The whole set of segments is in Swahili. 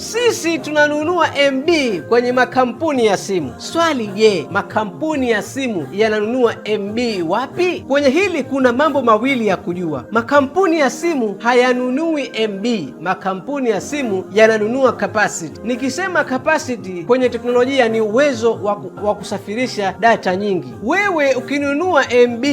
Sisi tunanunua MB kwenye makampuni ya simu. Swali je, makampuni ya simu yananunua MB wapi? Kwenye hili kuna mambo mawili ya kujua. Makampuni ya simu hayanunui MB, makampuni ya simu yananunua capacity. Nikisema capacity kwenye teknolojia ni uwezo wa kusafirisha data nyingi. Wewe ukinunua MB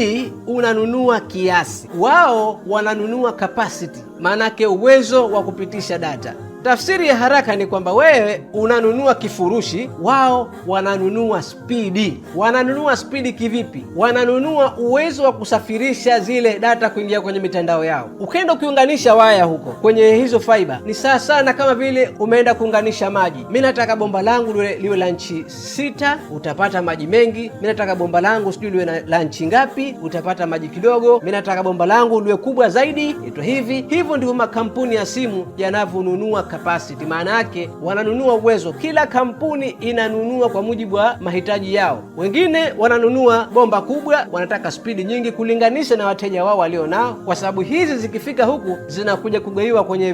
unanunua kiasi, wao wananunua capacity maanake uwezo wa kupitisha data. Tafsiri ya haraka ni kwamba wewe unanunua kifurushi, wao wananunua spidi. Wananunua spidi kivipi? Wananunua uwezo wa kusafirisha zile data kuingia kwenye mitandao yao. ukenda ukiunganisha waya huko kwenye hizo faiba, ni sawa sana kama vile umeenda kuunganisha maji. Mi nataka bomba langu liwe la nchi sita, utapata maji mengi. Mi nataka bomba langu sijui liwe la nchi ngapi, utapata maji kidogo. Mi nataka bomba langu liwe kubwa zaidi, itwe hivi hivi Hivyo ndivyo makampuni ya simu yanavyonunua capacity, maana yake wananunua uwezo. Kila kampuni inanunua kwa mujibu wa mahitaji yao. Wengine wananunua bomba kubwa, wanataka spidi nyingi kulinganisha na wateja wao walio nao, kwa sababu hizi zikifika huku zinakuja kugaiwa kwenye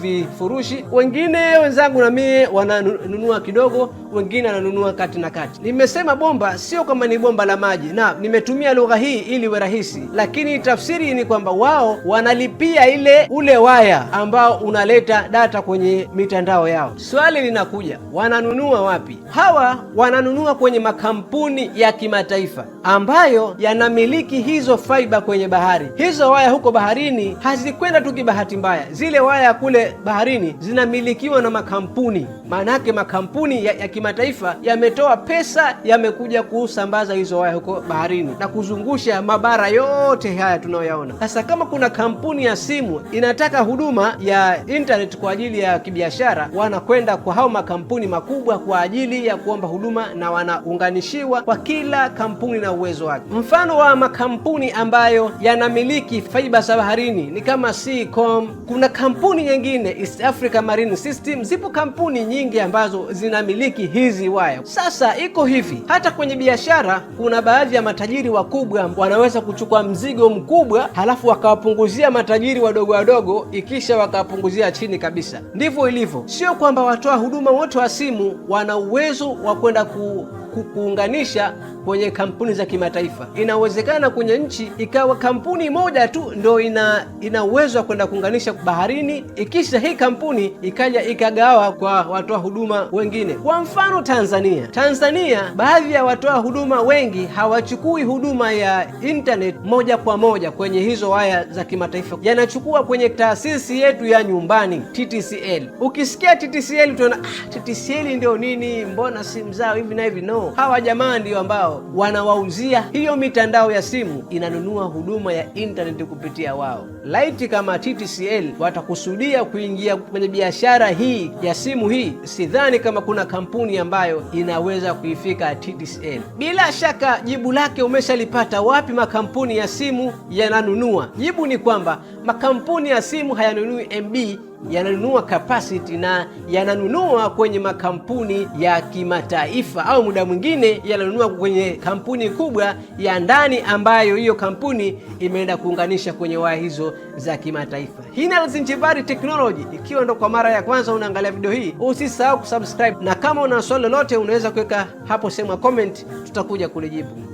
vifurushi vi wengine wenzangu na mie wananunua kidogo, wengine wananunua kati na kati. Nimesema bomba sio kwamba ni bomba la maji, na nimetumia lugha hii ili iwe rahisi, lakini tafsiri ni kwamba wao wanalipia ile ule waya ambao unaleta data kwenye mitandao yao. Swali linakuja, wananunua wapi? Hawa wananunua kwenye makampuni ya kimataifa ambayo yanamiliki hizo faiba kwenye bahari. Hizo waya huko baharini hazikwenda tu kibahati mbaya, zile waya kule baharini zinamilikiwa na makampuni. Maanake makampuni ya, ya kimataifa yametoa pesa, yamekuja kusambaza hizo waya huko baharini na kuzungusha mabara yote haya tunayoyaona. Sasa kama kuna kampuni ya simu ina inataka huduma ya internet kwa ajili ya kibiashara, wanakwenda kwa hao makampuni makubwa kwa ajili ya kuomba huduma na wanaunganishiwa kwa kila kampuni na uwezo wake. Mfano wa makampuni ambayo yanamiliki fiber za baharini ni kama Seacom. Kuna kampuni nyingine East Africa Marine System, zipo kampuni nyingi ambazo zinamiliki hizi waya. Sasa iko hivi, hata kwenye biashara kuna baadhi ya matajiri wakubwa wanaweza kuchukua mzigo mkubwa halafu wakawapunguzia matajiri wadogo wadogo kidogo, ikisha wakapunguzia chini kabisa. Ndivyo ilivyo, sio kwamba watoa huduma wote wa simu wana uwezo wa kwenda ku, ku, kuunganisha kwenye kampuni za kimataifa. Inawezekana kwenye nchi ikawa kampuni moja tu ndo ina ina uwezo wa kwenda kuunganisha baharini, ikisha hii kampuni ikaja ikagawa kwa watoa huduma wengine. Kwa mfano Tanzania, Tanzania baadhi ya watoa huduma wengi hawachukui huduma ya internet moja kwa moja kwenye hizo waya za kimataifa, yanachukua kwenye taasisi yetu ya nyumbani TTCL. Ukisikia TTCL utaona ah, TTCL ndio nini? Mbona simu zao hivi na hivi? No, hawa jamaa ndio ambao wao wanawauzia hiyo mitandao ya simu inanunua huduma ya intaneti kupitia wao. Laiti kama TTCL watakusudia kuingia kwenye biashara hii ya simu hii, sidhani kama kuna kampuni ambayo inaweza kuifika TTCL. Bila shaka jibu lake umeshalipata, wapi makampuni ya simu yananunua? Jibu ni kwamba makampuni ya simu hayanunui MB yananunua capacity na yananunua kwenye makampuni ya kimataifa, au muda mwingine yananunua kwenye kampuni kubwa ya ndani, ambayo hiyo kampuni imeenda kuunganisha kwenye waya hizo za kimataifa. Hii ni Alzenjbary Technology. Ikiwa ndo kwa mara ya kwanza unaangalia video hii, usisahau kusubscribe, na kama una swali lolote unaweza kuweka hapo sehemu ya comment, tutakuja kulijibu.